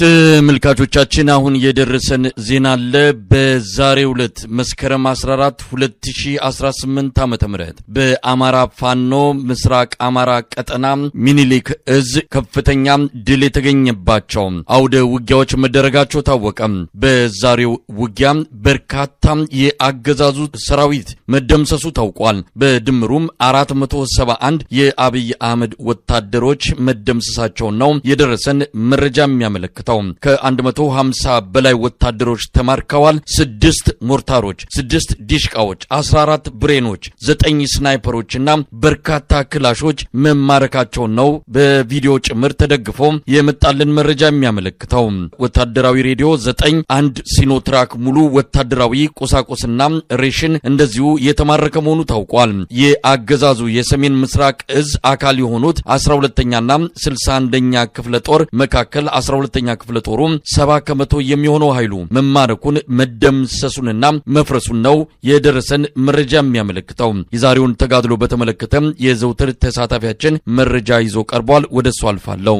ተመልካቾቻችን አሁን የደረሰን ዜና አለ። በዛሬ ዕለት መስከረም 14 2018 ዓ ም በአማራ ፋኖ ምስራቅ አማራ ቀጠና ሚኒሊክ እዝ ከፍተኛ ድል የተገኘባቸው አውደ ውጊያዎች መደረጋቸው ታወቀ። በዛሬው ውጊያ በርካታ የአገዛዙ ሰራዊት መደምሰሱ ታውቋል። በድምሩም 471 የአብይ አህመድ ወታደሮች መደምሰሳቸውን ነው የደረሰን መረጃ የሚያመለክት አመልክተው ከ150 በላይ ወታደሮች ተማርከዋል። ስድስት ሞርታሮች፣ ስድስት ዲሽቃዎች፣ 14 ብሬኖች፣ ዘጠኝ ስናይፐሮች ና በርካታ ክላሾች መማረካቸውን ነው በቪዲዮ ጭምር ተደግፎ የመጣልን መረጃ የሚያመለክተው። ወታደራዊ ሬዲዮ ዘጠኝ አንድ ሲኖትራክ ሙሉ ወታደራዊ ቁሳቁስና ሬሽን እንደዚሁ የተማረከ መሆኑ ታውቋል። የአገዛዙ የሰሜን ምስራቅ እዝ አካል የሆኑት 12ኛና 61ኛ ክፍለ ጦር መካከል 12ኛ ክፍለ ጦሩ ሰባ ከመቶ የሚሆነው ኃይሉ መማረኩን መደምሰሱንና መፍረሱን ነው የደረሰን መረጃ የሚያመለክተው። የዛሬውን ተጋድሎ በተመለከተ የዘውትር ተሳታፊያችን መረጃ ይዞ ቀርቧል። ወደ እሱ አልፋለሁ።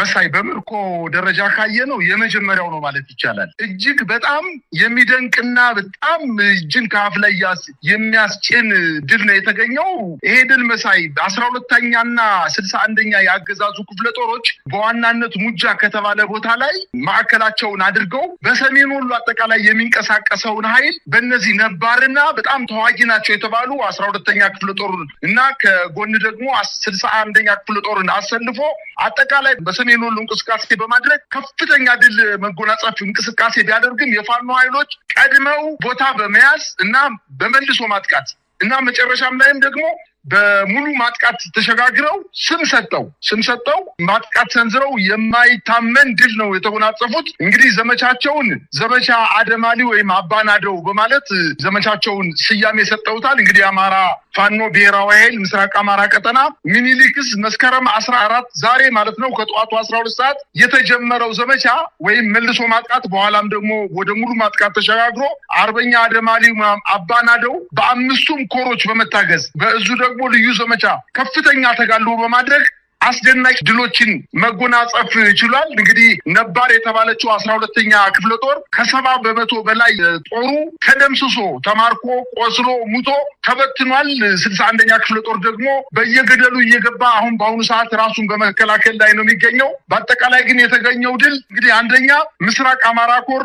መሳይ በምርኮ ደረጃ ካየ ነው የመጀመሪያው ነው ማለት ይቻላል። እጅግ በጣም የሚደንቅና በጣም እጅን ከአፍ ላይ የሚያስጭን ድል ነው የተገኘው። ይሄ ድል መሳይ አስራ ሁለተኛና ስልሳ አንደኛ የአገዛዙ ክፍለ ጦሮች በዋናነት ሙጃ ከተባለ ቦታ ላይ ማዕከላቸውን አድርገው በሰሜን ወሎ አጠቃላይ የሚንቀሳቀሰውን ኃይል በእነዚህ ነባርና በጣም ተዋጊ ናቸው የተባሉ አስራ ሁለተኛ ክፍለ ጦር እና ከጎን ደግሞ ስልሳ አንደኛ ክፍለ ጦርን አሰልፎ አጠቃላይ የሰሜን ወሎ እንቅስቃሴ በማድረግ ከፍተኛ ድል መጎናጸፍ እንቅስቃሴ ቢያደርግም የፋኖ ኃይሎች ቀድመው ቦታ በመያዝ እና በመልሶ ማጥቃት እና መጨረሻም ላይም ደግሞ በሙሉ ማጥቃት ተሸጋግረው ስም ሰጠው ስም ሰጠው ማጥቃት ሰንዝረው የማይታመን ድል ነው የተጎናጸፉት። እንግዲህ ዘመቻቸውን ዘመቻ አደማሊ ወይም አባናደው በማለት ዘመቻቸውን ስያሜ ሰጠውታል። እንግዲህ የአማራ ፋኖ ብሔራዊ ኃይል ምስራቅ አማራ ቀጠና ሚኒሊክስ መስከረም አስራ አራት ዛሬ ማለት ነው ከጠዋቱ አስራ ሁለት ሰዓት የተጀመረው ዘመቻ ወይም መልሶ ማጥቃት በኋላም ደግሞ ወደ ሙሉ ማጥቃት ተሸጋግሮ አርበኛ አደማሊ አባናደው በአምስቱም ኮሮች በመታገዝ በእዙ ደግሞ በደቡብ ልዩ ዘመቻ ከፍተኛ ተጋድሎ በማድረግ አስደናቂ ድሎችን መጎናጸፍ ችሏል። እንግዲህ ነባር የተባለችው አስራ ሁለተኛ ክፍለ ጦር ከሰባ በመቶ በላይ ጦሩ ተደምስሶ ተማርኮ ቆስሎ ሙቶ ተበትኗል። ስልሳ አንደኛ ክፍለ ጦር ደግሞ በየገደሉ እየገባ አሁን በአሁኑ ሰዓት ራሱን በመከላከል ላይ ነው የሚገኘው። በአጠቃላይ ግን የተገኘው ድል እንግዲህ አንደኛ ምስራቅ አማራ ኮር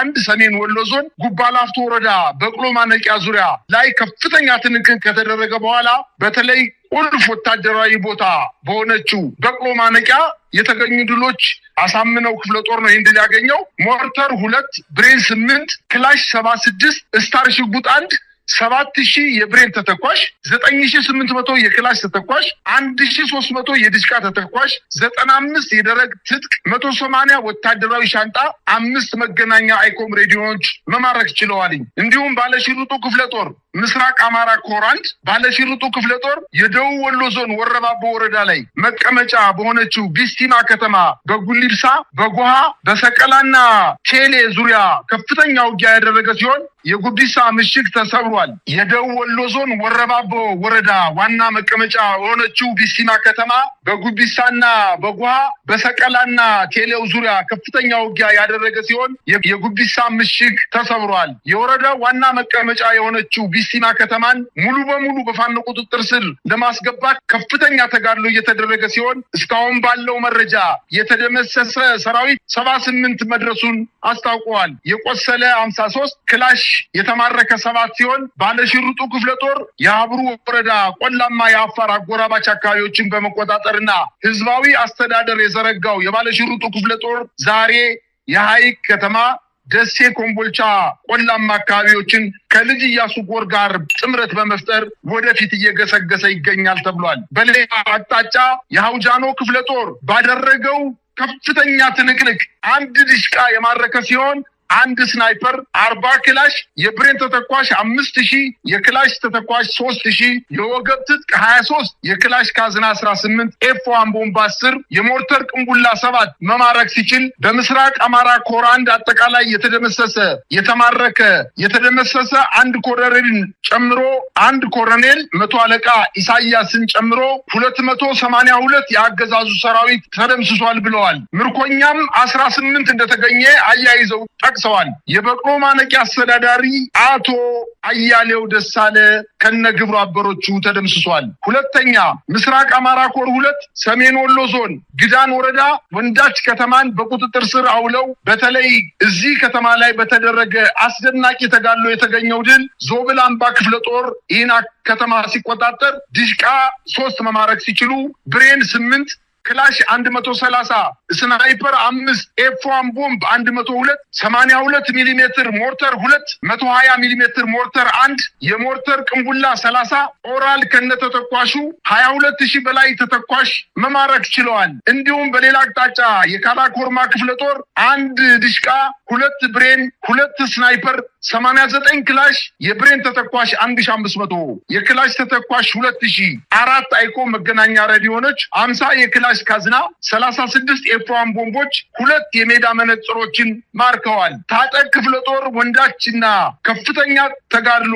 አንድ ሰሜን ወሎ ዞን ጉባላፍቶ ወረዳ በቅሎ ማነቂያ ዙሪያ ላይ ከፍተኛ ትንቅንቅ ከተደረገ በኋላ በተለይ ቁልፍ ወታደራዊ ቦታ በሆነችው በቆ ማነቂያ የተገኙ ድሎች አሳምነው ክፍለ ጦር ነው ይህን ድል ያገኘው። ሞርተር ሁለት ብሬን ስምንት ክላሽ ሰባ ስድስት ስታር ሽጉጥ አንድ ሰባት ሺህ የብሬን ተተኳሽ፣ ዘጠኝ ሺህ ስምንት መቶ የክላሽ ተተኳሽ፣ አንድ ሺህ ሶስት መቶ የድሽቃ ተተኳሽ፣ ዘጠና አምስት የደረግ ትጥቅ፣ መቶ ሰማንያ ወታደራዊ ሻንጣ፣ አምስት መገናኛ አይኮም ሬዲዮዎች መማረክ ችለዋልኝ። እንዲሁም ባለሽሩጡ ክፍለ ጦር ምስራቅ አማራ ኮራንድ ባለሽርጡ ክፍለ ጦር የደቡብ ወሎ ዞን ወረባቦ ወረዳ ላይ መቀመጫ በሆነችው ቢስቲማ ከተማ በጉሊብሳ በጎሃ በሰቀላና ቴሌ ዙሪያ ከፍተኛ ውጊያ ያደረገ ሲሆን የጉዲሳ ምሽግ ተሰብሯል። የደቡብ ወሎ ዞን ወረባቦ ወረዳ ዋና መቀመጫ በሆነችው ቢስቲማ ከተማ በጉዲሳና በጓ በሰቀላና ቴሌው ዙሪያ ከፍተኛ ውጊያ ያደረገ ሲሆን የጉዲሳ ምሽግ ተሰብሯል። የወረዳው ዋና መቀመጫ የሆነችው አቢሲና ከተማን ሙሉ በሙሉ በፋኖ ቁጥጥር ስር ለማስገባት ከፍተኛ ተጋድሎ እየተደረገ ሲሆን እስካሁን ባለው መረጃ የተደመሰሰ ሰራዊት ሰባ ስምንት መድረሱን አስታውቀዋል። የቆሰለ አምሳ ሶስት ክላሽ የተማረከ ሰባት ሲሆን ባለሽርጡ ክፍለ ጦር የአብሩ ወረዳ ቆላማ የአፋር አጎራባች አካባቢዎችን በመቆጣጠርና ህዝባዊ አስተዳደር የዘረጋው የባለሽርጡ ክፍለ ጦር ዛሬ የሀይቅ ከተማ ደሴ፣ ኮምቦልቻ ቆላማ አካባቢዎችን ከልጅ እያሱ ጎር ጋር ጥምረት በመፍጠር ወደፊት እየገሰገሰ ይገኛል ተብሏል። በሌላ አቅጣጫ የሀውጃኖ ክፍለ ጦር ባደረገው ከፍተኛ ትንቅንቅ አንድ ድሽቃ የማረከ ሲሆን አንድ ስናይፐር፣ አርባ ክላሽ፣ የብሬን ተተኳሽ አምስት ሺህ የክላሽ ተተኳሽ ሶስት ሺህ የወገብ ትጥቅ ሀያ ሶስት የክላሽ ካዝና አስራ ስምንት ኤፍ ዋን ቦምብ አስር የሞርተር ቅንቡላ ሰባት መማረክ ሲችል በምስራቅ አማራ ኮር አንድ አጠቃላይ የተደመሰሰ የተማረከ የተደመሰሰ አንድ ኮረሬልን ጨምሮ አንድ ኮረኔል መቶ አለቃ ኢሳያስን ጨምሮ ሁለት መቶ ሰማኒያ ሁለት የአገዛዙ ሰራዊት ተደምስሷል ብለዋል። ምርኮኛም አስራ ስምንት እንደተገኘ አያይዘው ጠቅ ጠቅሰዋል። የበቅሎ ማነቂያ አስተዳዳሪ አቶ አያሌው ደሳለ ከነ ግብሩ አበሮቹ ተደምስሷል። ሁለተኛ ምስራቅ አማራ ኮር ሁለት ሰሜን ወሎ ዞን ግዳን ወረዳ ወንዳች ከተማን በቁጥጥር ስር አውለው በተለይ እዚህ ከተማ ላይ በተደረገ አስደናቂ ተጋድሎ የተገኘው ድል ዞብል አምባ ክፍለ ጦር ኢና ከተማ ሲቆጣጠር ድሽቃ ሶስት መማረክ ሲችሉ ብሬን ስምንት ክላሽ አንድ መቶ ሰላሳ ስናይፐር አምስት ኤፍን ቦምብ አንድ መቶ ሁለት ሰማኒያ ሁለት ሚሊሜትር ሞርተር ሁለት መቶ ሀያ ሚሊሜትር ሞርተር አንድ የሞርተር ቅንቡላ ሰላሳ ኦራል ከነተተኳሹ ሀያ ሁለት ሺህ በላይ ተተኳሽ መማረክ ችለዋል። እንዲሁም በሌላ አቅጣጫ የካላኮርማ ክፍለ ጦር አንድ ድሽቃ ሁለት ብሬን ሁለት ስናይፐር ሰማኒያ ዘጠኝ ክላሽ የብሬን ተተኳሽ አንድ ሺ አምስት መቶ የክላሽ ተተኳሽ ሁለት ሺ አራት አይኮ መገናኛ ሬዲዮኖች አምሳ የክላሽ ካዝና ሰላሳ ስድስት ያላቸዋን ቦምቦች ሁለት የሜዳ መነጽሮችን ማርከዋል። ታጠቅ ክፍለ ጦር ወንዳችና ከፍተኛ ተጋድሎ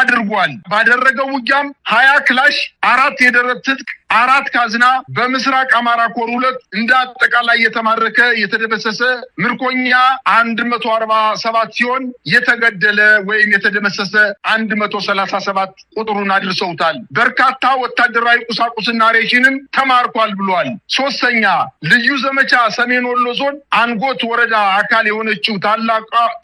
አድርጓል። ባደረገው ውጊያም ሀያ ክላሽ አራት የደረት ትጥቅ አራት ካዝና በምስራቅ አማራ ኮር ሁለት እንደ አጠቃላይ የተማረከ የተደመሰሰ ምርኮኛ አንድ መቶ አርባ ሰባት ሲሆን የተገደለ ወይም የተደመሰሰ አንድ መቶ ሰላሳ ሰባት ቁጥሩን አድርሰውታል። በርካታ ወታደራዊ ቁሳቁስና ሬሽንም ተማርኳል ብሏል። ሶስተኛ ልዩ ዘመቻ ሰሜን ወሎ ዞን አንጎት ወረዳ አካል የሆነችው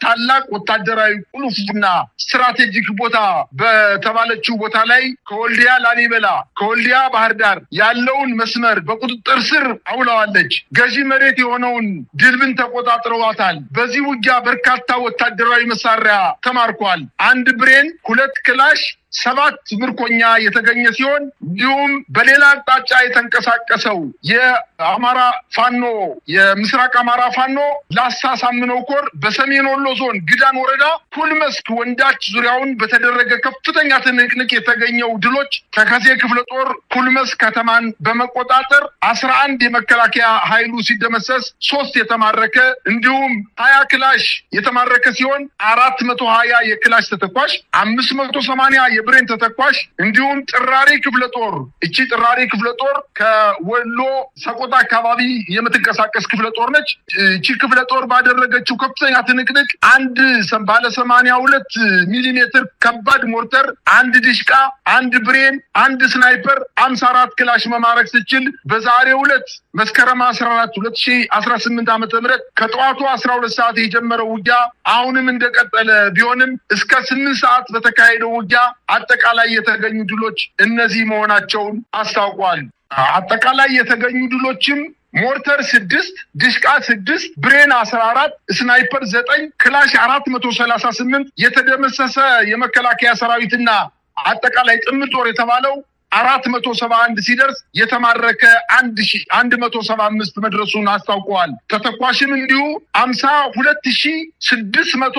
ታላቅ ወታደራዊ ቁልፍና ስትራቴጂክ ቦታ በተባለችው ቦታ ላይ ከወልዲያ ላሊበላ፣ ከወልዲያ ባህር ዳር ጋር ያለውን መስመር በቁጥጥር ስር አውለዋለች። ገዢ መሬት የሆነውን ድልብን ተቆጣጥረዋታል። በዚህ ውጊያ በርካታ ወታደራዊ መሳሪያ ተማርኳል። አንድ ብሬን፣ ሁለት ክላሽ ሰባት ምርኮኛ የተገኘ ሲሆን እንዲሁም በሌላ አቅጣጫ የተንቀሳቀሰው የአማራ ፋኖ የምስራቅ አማራ ፋኖ ላሳ ሳምነው ኮር በሰሜን ወሎ ዞን ግዳን ወረዳ ኩልመስክ ወንዳች ዙሪያውን በተደረገ ከፍተኛ ትንቅንቅ የተገኘው ድሎች ተከሴ ክፍለ ጦር ኩልመስክ ከተማን በመቆጣጠር አስራ አንድ የመከላከያ ኃይሉ ሲደመሰስ ሶስት የተማረከ እንዲሁም ሀያ ክላሽ የተማረከ ሲሆን አራት መቶ ሀያ የክላሽ ተተኳሽ አምስት መቶ ሰማንያ የብሬን ተተኳሽ እንዲሁም ጥራሬ ክፍለ ጦር እቺ ጥራሬ ክፍለ ጦር ከወሎ ሰቆጣ አካባቢ የምትንቀሳቀስ ክፍለ ጦር ነች። እቺ ክፍለ ጦር ባደረገችው ከፍተኛ ትንቅንቅ አንድ ባለ ሰማኒያ ሁለት ሚሊሜትር ከባድ ሞርተር፣ አንድ ዲሽቃ፣ አንድ ብሬን፣ አንድ ስናይፐር፣ አምሳ አራት ክላሽ መማረክ ስችል በዛሬ ሁለት መስከረም አስራ አራት ሁለት ሺ አስራ ስምንት ዓመተ ምህረት ከጠዋቱ አስራ ሁለት ሰዓት የጀመረው ውጊያ አሁንም እንደቀጠለ ቢሆንም እስከ ስምንት ሰዓት በተካሄደው ውጊያ አጠቃላይ የተገኙ ድሎች እነዚህ መሆናቸውን አስታውቋል። አጠቃላይ የተገኙ ድሎችም ሞርተር ስድስት ድሽቃ ስድስት ብሬን አስራ አራት ስናይፐር ዘጠኝ ክላሽ አራት መቶ ሰላሳ ስምንት የተደመሰሰ የመከላከያ ሰራዊትና አጠቃላይ ጥምር ጦር የተባለው አራት መቶ ሰባ አንድ ሲደርስ የተማረከ አንድ ሺ አንድ መቶ ሰባ አምስት መድረሱን አስታውቀዋል። ተተኳሽም እንዲሁ አምሳ ሁለት ሺ ስድስት መቶ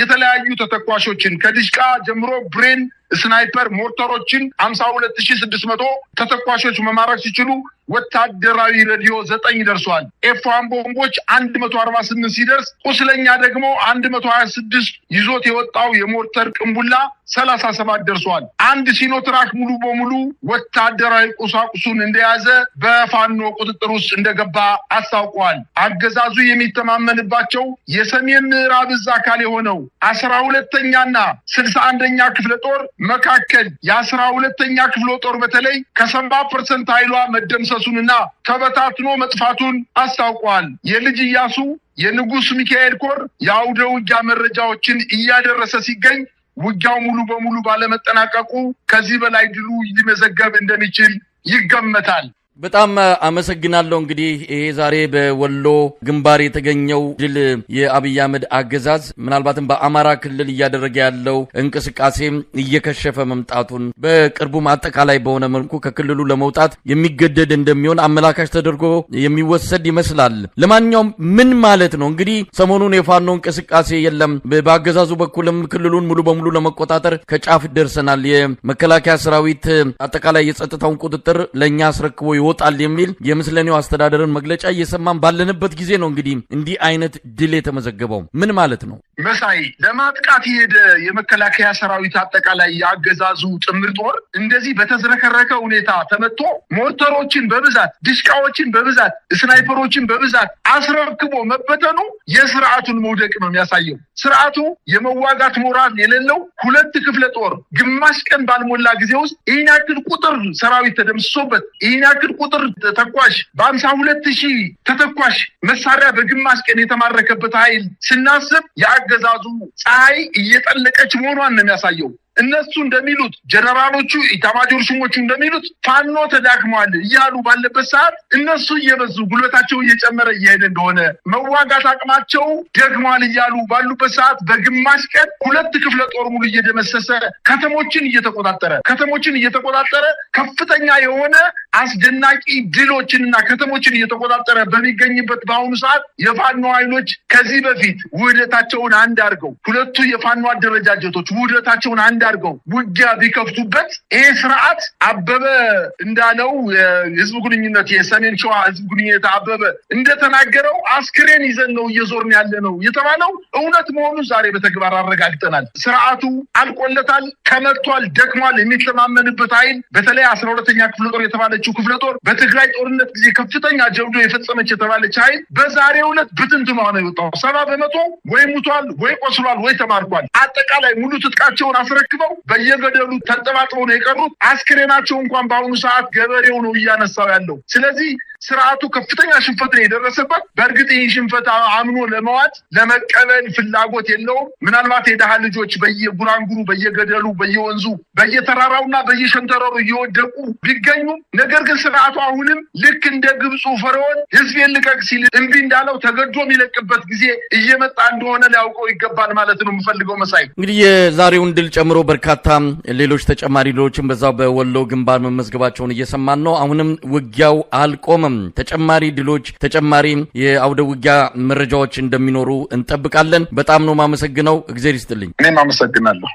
የተለያዩ ተተኳሾችን ከድሽቃ ጀምሮ ብሬን ስናይፐር ሞርተሮችን አምሳ ሁለት ሺ ስድስት መቶ ተተኳሾች መማረክ ሲችሉ ወታደራዊ ሬዲዮ ዘጠኝ ደርሷል። ኤፋን ቦምቦች አንድ መቶ አርባ ስምንት ሲደርስ ቁስለኛ ደግሞ አንድ መቶ ሀያ ስድስት ይዞት የወጣው የሞርተር ቅንቡላ ሰላሳ ሰባት ደርሷል። አንድ ሲኖትራክ ሙሉ በሙሉ ወታደራዊ ቁሳቁሱን እንደያዘ በፋኖ ቁጥጥር ውስጥ እንደገባ አስታውቋል። አገዛዙ የሚተማመንባቸው የሰሜን ምዕራብ እዝ አካል የሆነው አስራ ሁለተኛና ስልሳ አንደኛ ክፍለ ጦር መካከል የአስራ ሁለተኛ ክፍለ ጦር በተለይ ከሰባ ፐርሰንት ኃይሏ መደምሰሱንና ተበታትኖ መጥፋቱን አስታውቋል። የልጅ እያሱ የንጉሥ ሚካኤል ኮር የአውደ ውጊያ መረጃዎችን እያደረሰ ሲገኝ ውጊያው ሙሉ በሙሉ ባለመጠናቀቁ ከዚህ በላይ ድሉ ሊመዘገብ እንደሚችል ይገመታል። በጣም አመሰግናለሁ። እንግዲህ ይሄ ዛሬ በወሎ ግንባር የተገኘው ድል የአብይ አህመድ አገዛዝ ምናልባትም በአማራ ክልል እያደረገ ያለው እንቅስቃሴ እየከሸፈ መምጣቱን በቅርቡም አጠቃላይ በሆነ መልኩ ከክልሉ ለመውጣት የሚገደድ እንደሚሆን አመላካሽ ተደርጎ የሚወሰድ ይመስላል። ለማንኛውም ምን ማለት ነው እንግዲህ ሰሞኑን የፋኖ እንቅስቃሴ የለም፣ በአገዛዙ በኩልም ክልሉን ሙሉ በሙሉ ለመቆጣጠር ከጫፍ ደርሰናል፣ የመከላከያ ሰራዊት አጠቃላይ የጸጥታውን ቁጥጥር ለእኛ አስረክቦ ይወጣል የሚል የምስለኔው አስተዳደርን መግለጫ እየሰማን ባለንበት ጊዜ ነው እንግዲህ እንዲህ አይነት ድል የተመዘገበው። ምን ማለት ነው? መሳይ ለማጥቃት የሄደ የመከላከያ ሰራዊት አጠቃላይ የአገዛዙ ጥምር ጦር እንደዚህ በተዝረከረከ ሁኔታ ተመቶ ሞርተሮችን በብዛት ድሽቃዎችን በብዛት ስናይፐሮችን በብዛት አስረክቦ መበተኑ የስርዓቱን መውደቅ ነው የሚያሳየው። ስርዓቱ የመዋጋት ሞራል የሌለው ሁለት ክፍለ ጦር ግማሽ ቀን ባልሞላ ጊዜ ውስጥ ይህን ያክል ቁጥር ሰራዊት ተደምስሶበት ይህን ያክል ቁጥር ተተኳሽ በአምሳ ሁለት ሺህ ተተኳሽ መሳሪያ በግማሽ ቀን የተማረከበት ኃይል ስናስብ የአገዛዙ ፀሐይ እየጠለቀች መሆኗን ነው የሚያሳየው። እነሱ እንደሚሉት ጀነራሎቹ ኢታማጆር ሹሞቹ እንደሚሉት ፋኖ ተዳክመዋል እያሉ ባለበት ሰዓት እነሱ እየበዙ ጉልበታቸው እየጨመረ እየሄደ እንደሆነ መዋጋት አቅማቸው ደክመዋል እያሉ ባሉበት ሰዓት በግማሽ ቀን ሁለት ክፍለ ጦር ሙሉ እየደመሰሰ ከተሞችን እየተቆጣጠረ ከተሞችን እየተቆጣጠረ ከፍተኛ የሆነ አስደናቂ ድሎችንና ከተሞችን እየተቆጣጠረ በሚገኝበት በአሁኑ ሰዓት የፋኖ ኃይሎች ከዚህ በፊት ውህደታቸውን አንድ አድርገው ሁለቱ የፋኖ አደረጃጀቶች ውህደታቸውን አንድ አድርገው ውጊያ ቢከፍቱበት ይህ ስርዓት አበበ እንዳለው የህዝብ ግንኙነት የሰሜን ሸዋ ህዝብ ግንኙነት አበበ እንደተናገረው አስክሬን ይዘን ነው እየዞርን ያለ ነው የተባለው እውነት መሆኑን ዛሬ በተግባር አረጋግጠናል። ስርዓቱ አልቆለታል፣ ከመቷል፣ ደክሟል የሚተማመንበት ኃይል በተለይ አስራ ሁለተኛ ክፍለ ጦር የተባለችው ክፍለ ጦር በትግራይ ጦርነት ጊዜ ከፍተኛ ጀብዶ የፈጸመች የተባለች ኃይል በዛሬው ዕለት ብትንትማ ነው የወጣው። ሰባ በመቶ ወይ ሙቷል፣ ወይ ቆስሏል፣ ወይ ተማርኳል። አጠቃላይ ሙሉ ትጥቃቸውን አስረክ ተሸክመው በየገደሉ ተንጠባጥበው ነው የቀሩት። አስክሬናቸው እንኳን በአሁኑ ሰዓት ገበሬው ነው እያነሳው ያለው። ስለዚህ ስርዓቱ ከፍተኛ ሽንፈት ነው የደረሰበት። በእርግጥ ይህ ሽንፈት አምኖ ለመዋጥ ለመቀበል ፍላጎት የለውም። ምናልባት የድሃ ልጆች በየጉራንጉሩ፣ በየገደሉ፣ በየወንዙ፣ በየተራራውና በየሸንተረሩ እየወደቁ ቢገኙም ነገር ግን ስርዓቱ አሁንም ልክ እንደ ግብፁ ፈርዖን ህዝቤን ልቀቅ ሲል እምቢ እንዳለው ተገዶ የሚለቅበት ጊዜ እየመጣ እንደሆነ ሊያውቀው ይገባል ማለት ነው የምፈልገው። መሳይ እንግዲህ የዛሬውን ድል ጨምሮ በርካታ ሌሎች ተጨማሪ ድሎችን በዛው በወሎ ግንባር መመዝገባቸውን እየሰማን ነው። አሁንም ውጊያው አልቆመም። ተጨማሪ ድሎች፣ ተጨማሪ የአውደ ውጊያ መረጃዎች እንደሚኖሩ እንጠብቃለን። በጣም ነው ማመሰግነው። እግዜር ይስጥልኝ። እኔም አመሰግናለሁ።